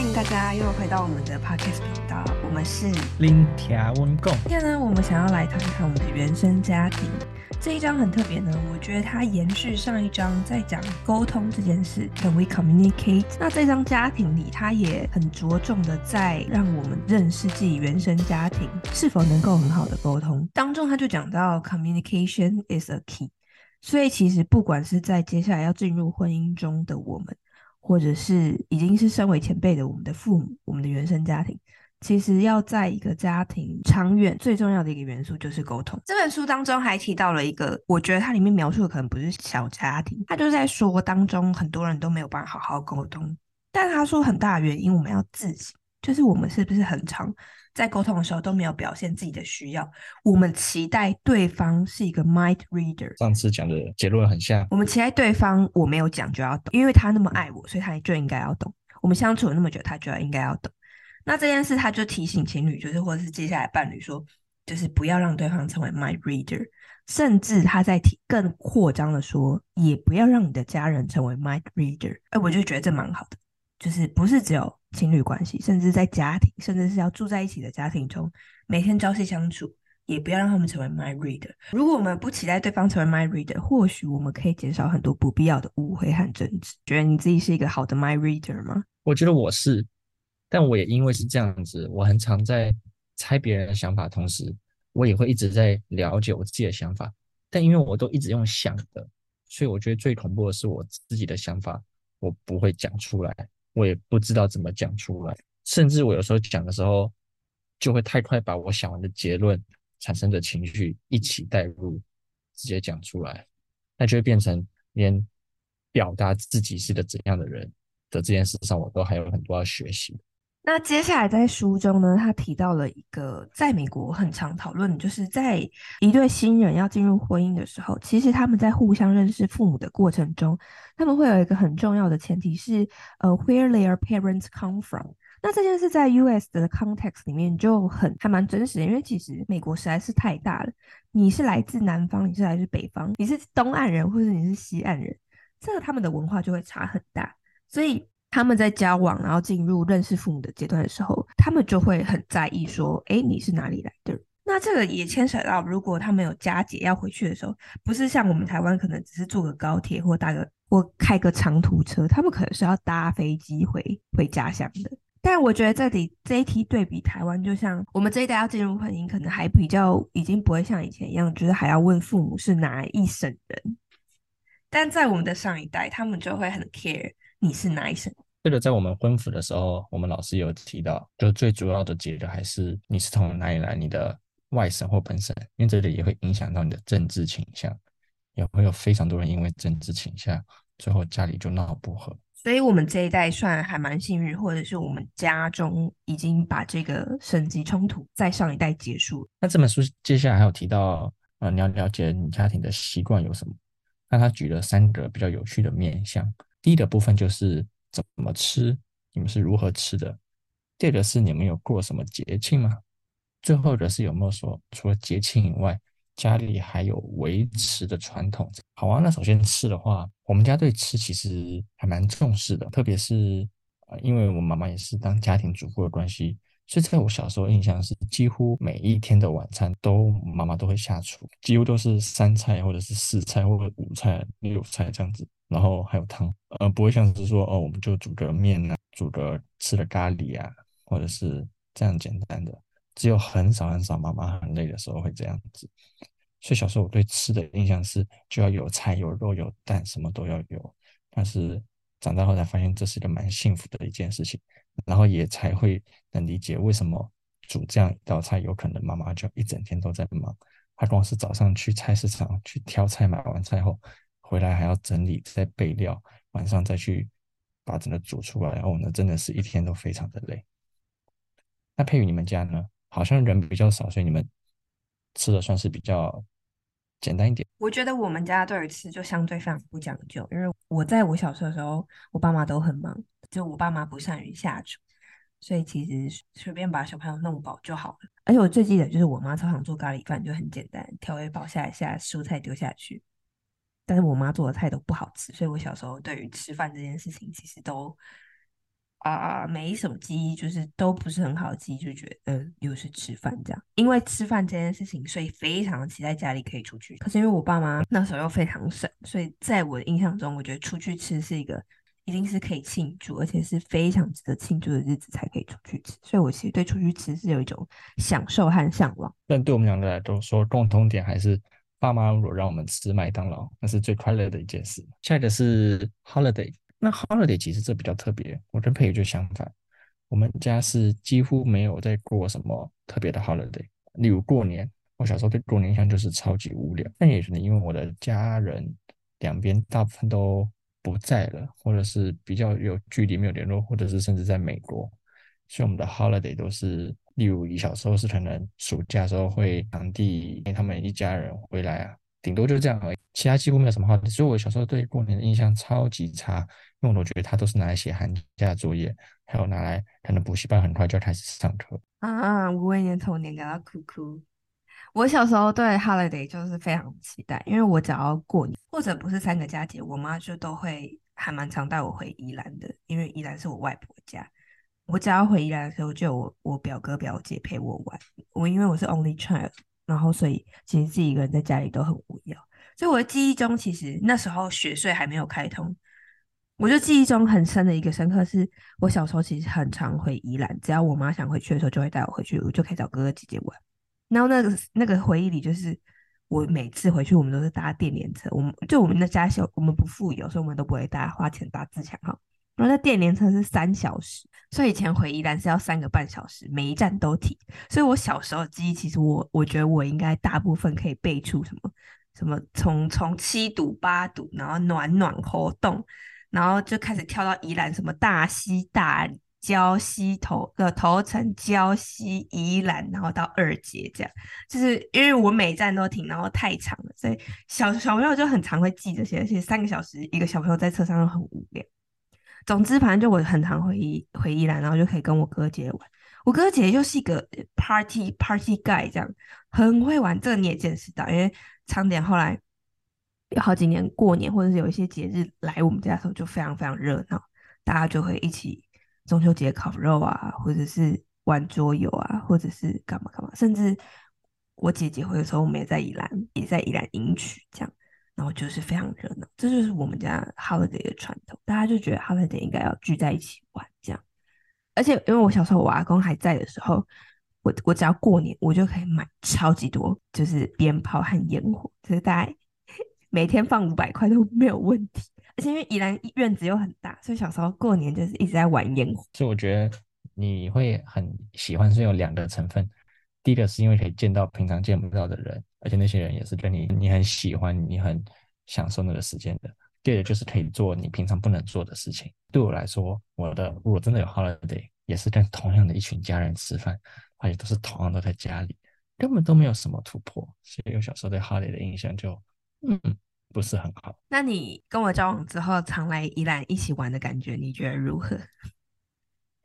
歡迎大家又回到我們的 podcast 頻道，我們是林聽溫貢。今天呢，我們想要來談一談我們的原生家庭。這一章很特別呢，我覺得它延續上一章在講溝通這件事，Can we communicate？那這章家庭裡，它也很着重的在讓我們認識自己原生家庭是否能夠很好的溝通。當中他就講到 communication is a key，所以其實不管是在接下來要進入婚姻中的我們。或者是已經是身為前輩的我們的父母，我們的原生家庭，其實要在一個家庭長遠最重要的一個元素就是溝通。這本書當中還提到了一個，我覺得它裡面描述的可能不是小家庭，他就在說當中很多人都沒有辦法好好溝通，但他說很大原因，我們要自己。就是我們是不是很常在溝通的時候都沒有表現自己的需要？我們期待對方是一個 mind reader。上次講的結論很像。我們期待對方，我沒有講就要懂，因為他那麼愛我，所以他就應該要懂。我們相處了那麼久，他就要應該要懂。那這件事，他就提醒情侶，就是或者是接下來伴侶說，就是不要讓對方成為 mind reader。甚至他在提更擴張的說，也不要讓你的家人成為 mind reader。哎，我就覺得這蠻好的，就是不是只有。情侶關係，甚至在家庭，甚至是要住在一起的家庭中，每天朝夕相處，也不要讓他們成為 mind reader。如果我們不期待對方成為 mind reader，或許我們可以減少很多不必要的誤會和爭執。覺得你自己是一個好的 mind reader 嗎？我覺得我是，但我也因為是這樣子，我很常在猜別人的想法，同時我也會一直在了解我自己的想法。但因為我都一直用想的，所以我覺得最恐怖的是我自己的想法，我不會講出來。我也不知道怎麼講出來，甚至我有時候講的時候，就會太快把我想完的結論、產生的情緒一起帶入，直接講出來，那就會變成連表達自己是個怎樣的人的這件事上，我都還有很多要學習。那接下來在書中呢，他提到了一個在美國很常討論，就是在一對新人要進入婚姻的時候，其實他們在互相認識父母的過程中，他們會有一個很重要的前提是，呃，uh，where their parents come from。那這件事在 US 的 context 裡面就很，還蠻真實的，因為其實美國實在是太大了。你是來自南方，你是來自北方，你是東岸人或者你是西岸人，這個他們的文化就會差很大，所以。他們在交往，然後進入認識父母的階段的時候，他們就會很在意說：“哎，你是哪裡來的？”那這個也牽扯到，如果他們有家姐要回去的時候，不是像我們台灣可能只是坐個高鐵或搭個或開個長途車，他們可能是要搭飛機回回家鄉的。但我覺得這裡這一題對比台灣，就像我們這一代要進入婚姻，可能還比較已經不會像以前一樣，就是還要問父母是哪一省人。但在我們的上一代，他們就會很 care。你是哪一省？這個在我們婚服的時候，我們老師有提到，就最主要的結論還是你是從哪裡來，你的外省或本省，因為這裡也會影響到你的政治傾向，也會有非常多人因為政治傾向最後家裡就鬧不和。所以我們這一代算還蠻幸運，或者是我們家中已經把這個省籍衝突在上一代結束。那這本書接下來還有提到，你、嗯、要了解你家庭的習慣有什麼？那他舉了三個比較有趣的面向。第一的部分就是怎麼吃，你們是如何吃的？第二個是你們有過什麼節慶嗎？最後的是有沒有說除了節慶以外，家裡還有維持的傳統？好啊，那首先吃的話，我們家對吃其實還蠻重視的，特別是因為我媽媽也是當家庭主婦的關係。所以，在我小時候印象是，幾乎每一天的晚餐都媽媽都會下廚，幾乎都是三菜或者是四菜或者五菜六菜這樣子，然後還有湯，呃，不會像是說哦，我們就煮個麵吶、啊，煮個吃的咖喱啊，或者是這樣簡單的，只有很少很少媽媽很累的時候會這樣子。所以小時候我對吃的印象是，就要有菜、有肉、有蛋，什麼都要有。但是長大後才發現，這是一個蠻幸福的一件事情。然後也才會能理解為什麼煮這樣一道菜，有可能媽媽就一整天都在忙。她光是早上去菜市場去挑菜，買完菜後回來還要整理再備料，晚上再去把整個煮出來。然後呢，真的是一天都非常的累。那佩宇你們家呢？好像人比較少，所以你們吃的算是比較簡單一點。我覺得我們家對於吃就相對非常不講究，因為。我在我小時候的時候，我爸媽都很忙，就我爸媽不善於下廚，所以其實隨便把小朋友弄飽就好了。而且我最記得就是我媽超常做咖喱飯，就很簡單，調味包下一下，蔬菜丟下去。但是我媽做的菜都不好吃，所以我小時候對於吃飯這件事情其實都。啊啊！沒什麼記憶，就是都不是很好記憶，就覺得嗯，又是吃飯這樣。因為吃飯這件事情，所以非常期待家裡可以出去。可是因為我爸媽那時候又非常省，所以在我的印象中，我覺得出去吃是一個一定是可以慶祝，而且是非常值得慶祝的日子才可以出去吃。所以，我其實對出去吃是有一種享受和嚮往。但對我們兩個來說，共同點還是爸媽如果讓我們吃麥當勞，那是最快樂的一件事。下一個是 holiday。那 holiday 其實這比較特別，我跟佩就相反，我們家是幾乎沒有在過什麼特別的 holiday，例如過年，我小時候對過年印象就是超級無聊，但也可能因為我的家人兩邊大部分都不在了，或者是比較有距離沒有聯絡，或者是甚至在美國，所以我們的 holiday 都是，例如你小時候是可能暑假時候會堂弟跟他們一家人回來啊。頂多就是這樣而已，其他幾乎沒有什麼好的。所以我小時候對過年的印象超級差，因為我覺得它都是拿來寫寒假作業，還有拿來可能補習班很快就要開始上課。嗯、啊、嗯，無畏年童年感到哭哭。我小時候對 holiday 就是非常期待，因為我只要過年或者不是三個佳節，我媽就都會還蠻常帶我回宜蘭的，因為宜蘭是我外婆家。我只要回宜蘭的時候就有我，就我表哥表姐陪我玩。我因為我是 only child。然後，所以其實自己一個人在家裡都很無聊。所以我的記憶中，其實那時候雪隧還沒有開通，我就記憶中很深的一個深刻是，是我小時候其實很常回宜蘭，只要我媽想回去的時候，就會帶我回去，我就可以找哥哥姐姐玩。然後那個那個回憶裡，就是我每次回去，我們都是搭電聯車，我們就我們的家鄉，我們不富有，所以我們都不會搭花錢搭自強號。然後在電聯車是三小時，所以以前回宜蘭是要三個半小時，每一站都停。所以我小時候的記憶，其實我我覺得我應該大部分可以背出什麼什麼從從七堵、八堵，然後暖暖、猴硐，然後就開始跳到宜蘭什麼大溪大、大交溪頭的頭城、礁溪、宜蘭，然後到二結這樣。就是因為我每一站都停，然後太長了，所以小小朋友就很常會記這些。其實三個小時，一個小朋友在車上就很無聊。總之，反正就我很常回回宜蘭，然後就可以跟我哥姐姐玩。我哥姐姐就是一個 party party guy，這樣很會玩。這個你也見識到，因為常年後來有好幾年過年或者是有一些節日來我們家的時候，就非常非常熱鬧，大家就會一起中秋節烤肉啊，或者是玩桌遊啊，或者是幹嘛幹嘛。甚至我姐結婚的時候，我們也在宜蘭，也在宜蘭迎娶這樣。然後就是非常熱鬧，這就是我們家 holiday 的傳統。大家就覺得 holiday 應該要聚在一起玩這樣。而且因為我小時候我阿公還在的時候，我我只要過年我就可以買超級多，就是鞭炮和煙火，就是大概每天放五百塊都沒有問題。而且因為宜蘭院子又很大，所以小時候過年就是一直在玩煙火。所以我覺得你會很喜歡是有兩個成分，第一個是因為可以見到平常見不到的人。而且那些人也是跟你，你很喜歡，你很享受那個時間的。對，就是可以做你平常不能做的事情。對我來說，我的如果真的有 holiday，也是跟同樣的一群家人吃飯，而且都是同樣都在家裡，根本都沒有什麼突破。所以，我小時候對 holiday 的印象就嗯，嗯，不是很好。那你跟我交往之後，常來宜蘭一起玩的感覺，你覺得如何？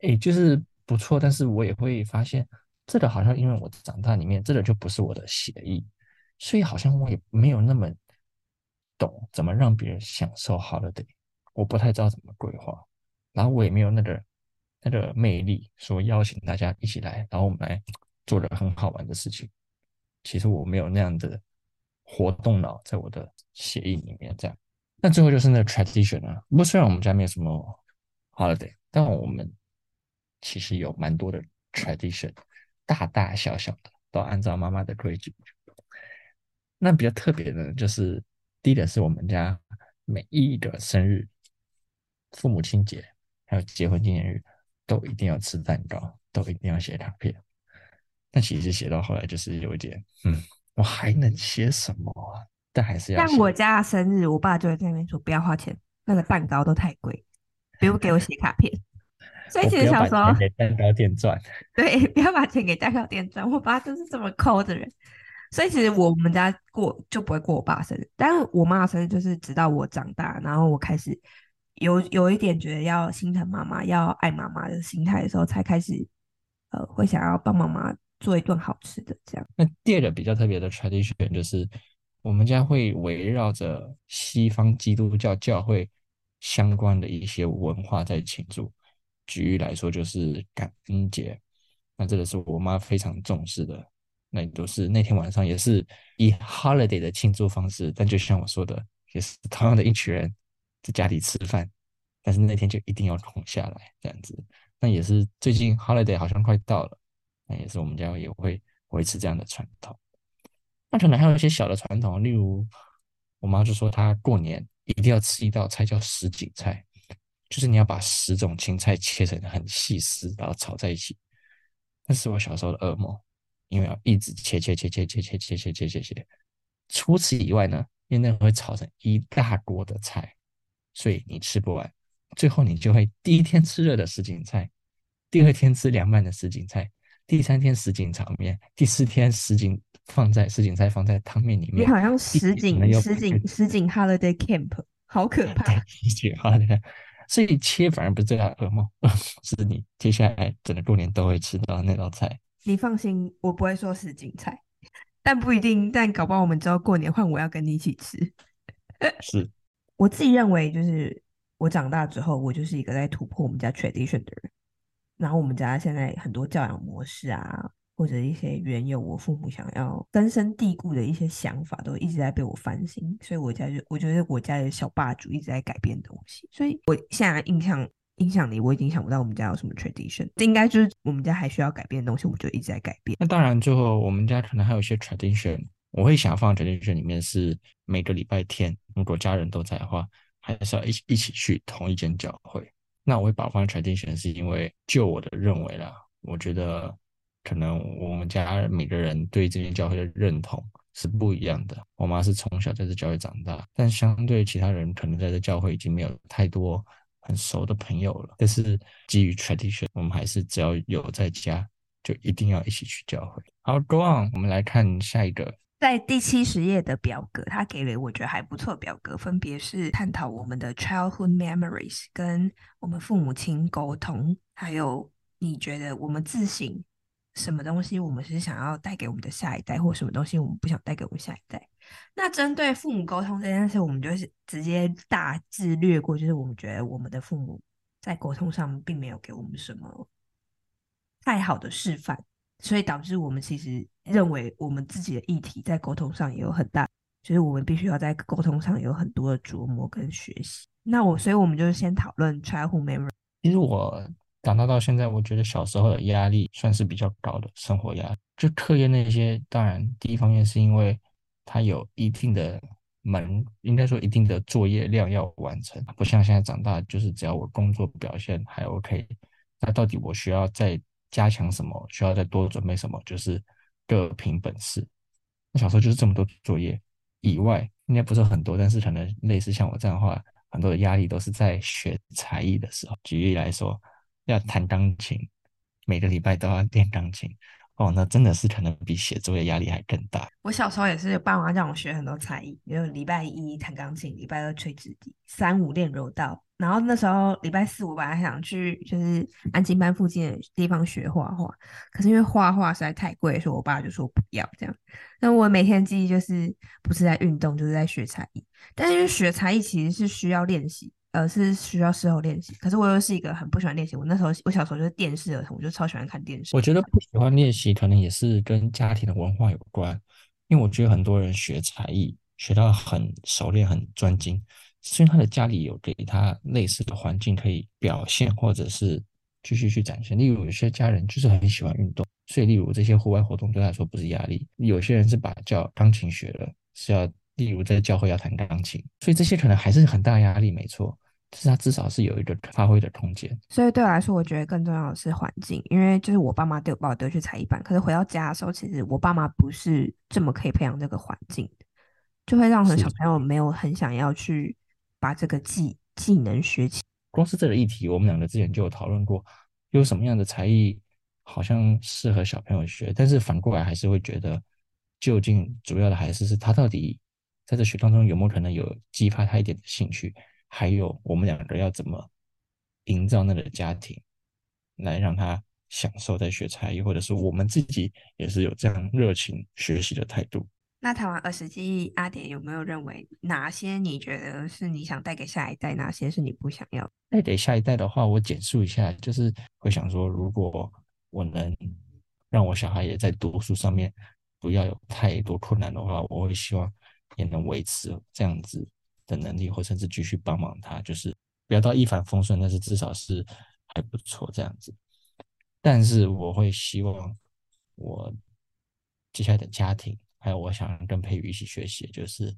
哎、欸，就是不錯，但是我也會發現，這個好像因為我長大裡面，這個就不是我的寫意。所以好像我也沒有那麼懂怎麼讓別人享受 holiday，我不太知道怎麼規劃。然後我也沒有那個那個魅力，說邀請大家一起來，然後我們來做了很好玩的事情。其實我沒有那樣的活動腦在我的血液裡面。這樣，那最後就是那個 tradition 啊。不過雖然我們家沒有什麼 holiday，但我們其實有蠻多的 tradition，大大小小的，都按照媽媽的規矩。那比較特別的，就是第一點是我們家每一個生日、父母親節還有結婚紀念日，都一定要吃蛋糕，都一定要寫卡片。但其實寫到後來就是有一點，嗯，我還能寫什麼啊？但還是要。但我家的生日，我爸就會在那邊說不要花錢，那個蛋糕都太貴，不用給我寫卡片。所以其實想說，我給蛋糕店賺。對，不要把錢給蛋糕店賺。 我爸就是這麼摳的人。所以其實我們家過就不會過我爸生日，但是我媽的生日就是直到我長大，然後我開始有有一點覺得要心疼媽媽、要愛媽媽的心態的時候，才開始呃會想要幫媽媽做一頓好吃的這樣。那第二個比較特別的 tradition 就是我們家會圍繞着西方基督教教會相關的一些文化在慶祝，舉例來說就是感恩節。那這個是我媽非常重視的。那都是那天晚上也是以 holiday 的慶祝方式，但就像我說的，也是同樣的一群人在家裡吃飯，但是那天就一定要空下來這樣子。那也是最近 holiday 好像快到了，那也是我們家也會維持這樣的傳統。那可能還有一些小的傳統，例如我媽就說她過年一定要吃一道菜叫什錦菜，就是你要把十種青菜切成很細絲，然後炒在一起。那是我小時候的噩夢。因為要一直切切切切切切切切切切，除此以外呢，因為那會炒成一大鍋的菜，所以你吃不完，最後你就會第一天吃熱的什錦菜，第二天吃涼拌的什錦菜，第三天什錦炒麵，第四天什錦放在什錦菜放在湯麵裡面。你好像什錦什錦什錦 Holiday Camp，好可怕！什錦 Holiday，所以切反而不是最大的噩夢， 是你接下來整個過年都會吃到那道菜。你放心，我不會說是精彩，但不一定。但搞不好我們之後過年換，我要跟你一起吃。 是，我自己認為，就是我長大之後，我就是一個在突破我們家 tradition 的人。然後我們家現在很多教養模式啊，或者一些原有我父母想要根深蒂固的一些想法，都一直在被我翻新。所以我家就，我覺得我家的小霸主一直在改變東西。所以我現在印象。印象裡我已經想不到我們家有什麼 tradition，這應該就是我們家還需要改變的東西，我就一直在改變。那當然，最後我們家可能還有一些 tradition，我會想要放 tradition 裡面是每個禮拜天，如果家人都在的話，還是要一起一起去同一間教會。那我會把放 tradition，是因為就我的認為啦，我覺得可能我們家每個人對這間教會的認同是不一樣的。我媽是從小在這教會長大，但相對其他人可能在這教會已經沒有太多。很熟的朋友了，但是基於 tradition，我們還是只要有在家，就一定要一起去教會。好，go on，我們來看下一個，在第七十頁的表格，他給了我覺得還不錯的表格，分別是探討我們的 childhood memories，跟我們父母親溝通，還有你覺得我們自省什麼東西，我們是想要帶給我們的下一代，或什麼東西我們不想帶給我們下一代。那針對父母溝通這件事，我們就是直接大致略過。就是我們覺得我們的父母在溝通上並沒有給我們什麼太好的示範，所以導致我們其實認為我們自己的議題在溝通上也有很大，就是我們必須要在溝通上有很多的琢磨跟學習。那我，所以我們就先討論 childhood memory。其實我長大到現在，我覺得小時候的壓力算是比較高的，生活壓力，就課業那些。當然，第一方面是因為。他有一定的門，應該說一定的作業量要完成，不像現在長大，就是只要我工作表現還 OK，那到底我需要再加強什麼？需要再多準備什麼？就是各憑本事。那小時候就是這麼多作業以外，應該不是很多，但是可能類似像我這樣的話，很多的壓力都是在學才藝的時候。舉例來說，要彈鋼琴，每個禮拜都要練鋼琴。哦，那真的是可能比寫作業壓力還更大。我小時候也是，爸媽讓我學很多才藝，比如禮拜一彈鋼琴，禮拜二吹直笛，三五練柔道。然後那時候禮拜四，我本來想去就是安親班附近的地方學畫畫，可是因為畫畫實在太貴，所以我爸就說不要這樣。那我每天記憶就是不是在運動就是在學才藝，但是因為學才藝其實是需要練習。呃，是需要事後練習，可是我又是一個很不喜歡練習。我那時候，我小時候就是電視兒童，我就超喜歡看電視。我覺得不喜歡練習，可能也是跟家庭的文化有關。因為我覺得很多人學才藝，學到很熟練、很專精，雖然他的家裡有給他類似的環境可以表現，或者是繼續去展現。例如有些家人就是很喜歡運動，所以例如這些戶外活動對他來說不是壓力。有些人是把教鋼琴學了，是要例如在教會要彈鋼琴，所以這些可能還是很大壓力，沒錯。是他至少是有一個發揮的空間，所以對我來說，我覺得更重要的是環境，因為就是我爸媽把我丟去才藝班，可是回到家的時候，其實我爸媽不是這麼可以培養這個環境，就會讓很小朋友沒有很想要去把這個技技能學起。光是這個議題，我們兩個之前就有討論過，有什麼樣的才藝好像適合小朋友學，但是反過來還是會覺得，究竟主要的還是是他到底在這學當中有沒有可能有激發他一點的興趣。還有我們兩個要怎麼營造那個家庭，來讓他享受在學才藝，或者是我們自己也是有這樣熱情學習的態度。那談完兒時記憶，阿典有沒有認為哪些你覺得是你想帶給下一代，哪些是你不想要？帶給下一代的話，我簡述一下，就是會想說，如果我能讓我小孩也在讀書上面不要有太多困難的話，我會希望也能維持這樣子，的能力，或甚至繼續幫忙他，就是不要到一帆風順，但是至少是還不錯這樣子。但是我會希望我接下來的家庭，還有我想跟佩宇一起學習，就是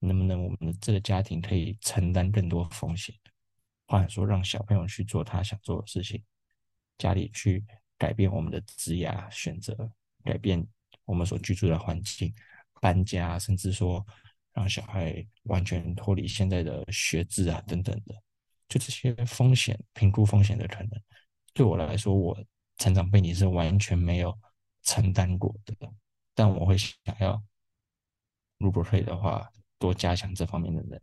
能不能我們這個家庭可以承擔更多風險，或者說讓小朋友去做他想做的事情，家裡去改變我們的職業選擇，改變我們所居住的環境，搬家，甚至說，讓小孩完全脫離現在的學制啊等等的，就這些風險評估風險的可能，對我來說，我成長背景是完全沒有承擔過的。但我會想要，如果可以的話，多加強這方面的能力。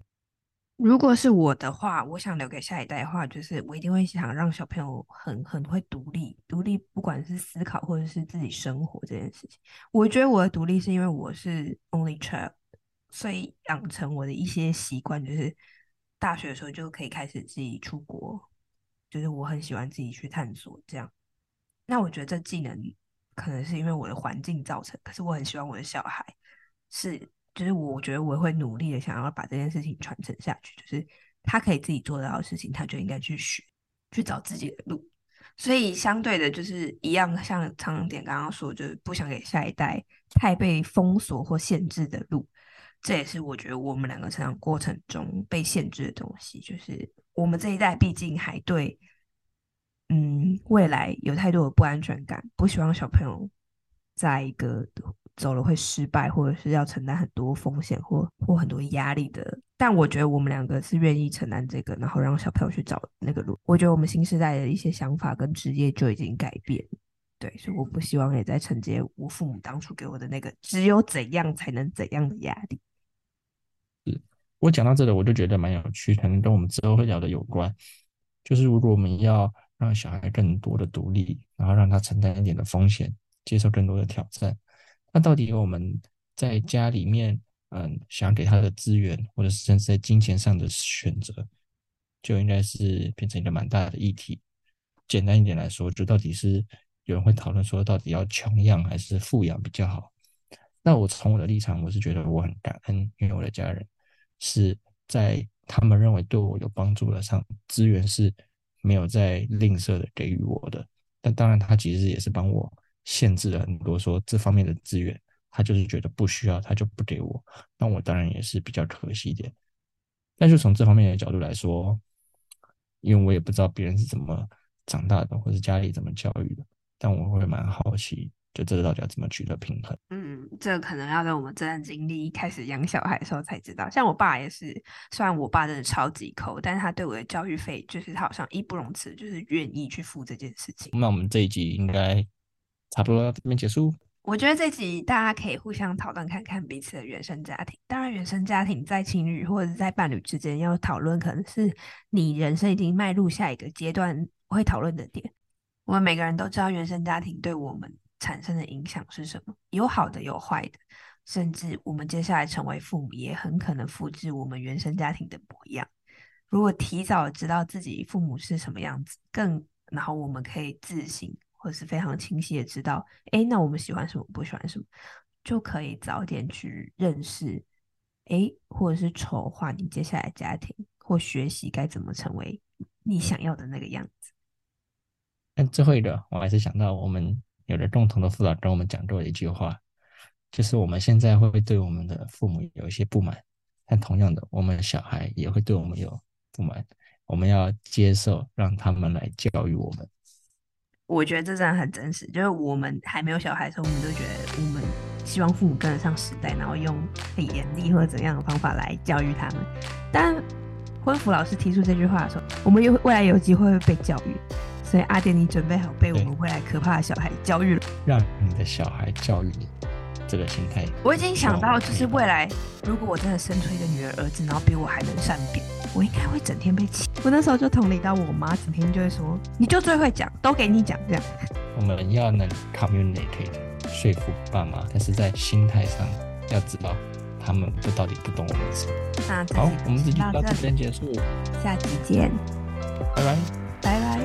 如果是我的話，我想留給下一代的話，就是我一定會想讓小朋友很很會獨立，獨立不管是思考或者是自己生活這件事情。我覺得我的獨立是因為我是 only child。所以養成我的一些習慣，就是大學的時候就可以開始自己出國，就是我很喜歡自己去探索這樣。那我覺得這技能可能是因為我的環境造成，可是我很希望我的小孩是，就是我覺得我會努力的想要把這件事情傳承下去，就是他可以自己做到的事情，他就應該去學，去找自己的路。所以相對的，就是一樣，像長點剛剛說，就是不想給下一代太被封鎖或限制的路。這也是我覺得我們兩個成長過程中被限制的東西，就是我們這一代畢竟還對，嗯，未來有太多的不安全感，不希望小朋友在一個走了會失敗，或者是要承擔很多風險或或很多壓力的。但我覺得我們兩個是願意承擔這個，然後讓小朋友去找那個路。我覺得我們新時代的一些想法跟職業就已經改變，對，所以我不希望也在承接我父母當初給我的那個只有怎樣才能怎樣的壓力。我講到這裡，我就覺得蠻有趣，可能跟我們之後會聊的有關。就是如果我們要讓小孩更多的獨立，然後讓他承擔一點的風險，接受更多的挑戰，那到底我們在家裡面，嗯，想給他的資源，或者是甚至在金錢上的選擇，就應該是變成一個蠻大的議題。簡單一點來說，就到底是有人會討論說，到底要窮養還是富養比較好？那我從我的立場，我是覺得我很感恩，因為我的家人。是在他們認為對我有幫助的上，資源是沒有在吝嗇的給予我的。但當然，他其實也是幫我限制了很多，說這方面的資源，他就是覺得不需要，他就不給我。那我當然也是比較可惜一點。但是從這方面的角度來說，因為我也不知道別人是怎麼長大的，或是家裡怎麼教育的，但我會蠻好奇。就這個到底要怎麼取得平衡？嗯，這可能要在我們這段經歷一開始養小孩的時候才知道。像我爸也是，雖然我爸真的超級摳，但是他對我的教育費，就是他好像義不容辭，就是願意去付這件事情。那我們這一集應該差不多到這邊結束。我覺得這集大家可以互相討論，看看彼此的原生家庭。當然，原生家庭在情侶或者是在伴侶之間要討論，可能是你人生已經邁入下一個階段會討論的點。我們每個人都知道原生家庭對我們產生的影響是什麼？有好的，有壞的，甚至我們接下來成為父母也很可能複製我們原生家庭的模樣。如果提早知道自己父母是什麼樣子，更然後我們可以自行或者是非常清晰的知道，哎、欸，那我們喜歡什麼，不喜歡什麼，就可以早點去認識，哎、欸，或者是籌劃你接下來家庭或學習該怎麼成為你想要的那個樣子。但最後一個，我還是想到我們。有着共同的輔導，跟我們講過一句話，就是我們現在會對我們的父母有一些不滿，但同樣的，我們小孩也會對我們有不滿。我們要接受，讓他們來教育我們。我覺得這真的很真實，就是我們還沒有小孩的時候，我們都覺得我們希望父母跟得上時代，然後用很嚴厲或者怎樣的方法來教育他們。但婚輔老師提出這句話的時候，我們有未來有機會會被教育。所以阿典，你準備好被我們未來可怕的小孩教育了？讓你的小孩教育你，這個心態。我已經想到，就是未來，如果我真的生出一個女兒兒子，然後比我還能善變，我應該會整天被氣。我那時候就同理到我，我媽整天就會說：“你就最會講，都給你講這樣。”我們要能 communicate，說服爸媽，但是在心態上，要知道他們不到底不懂我們什麼那。好，我們今天到這邊結束，下期見，拜拜，拜拜。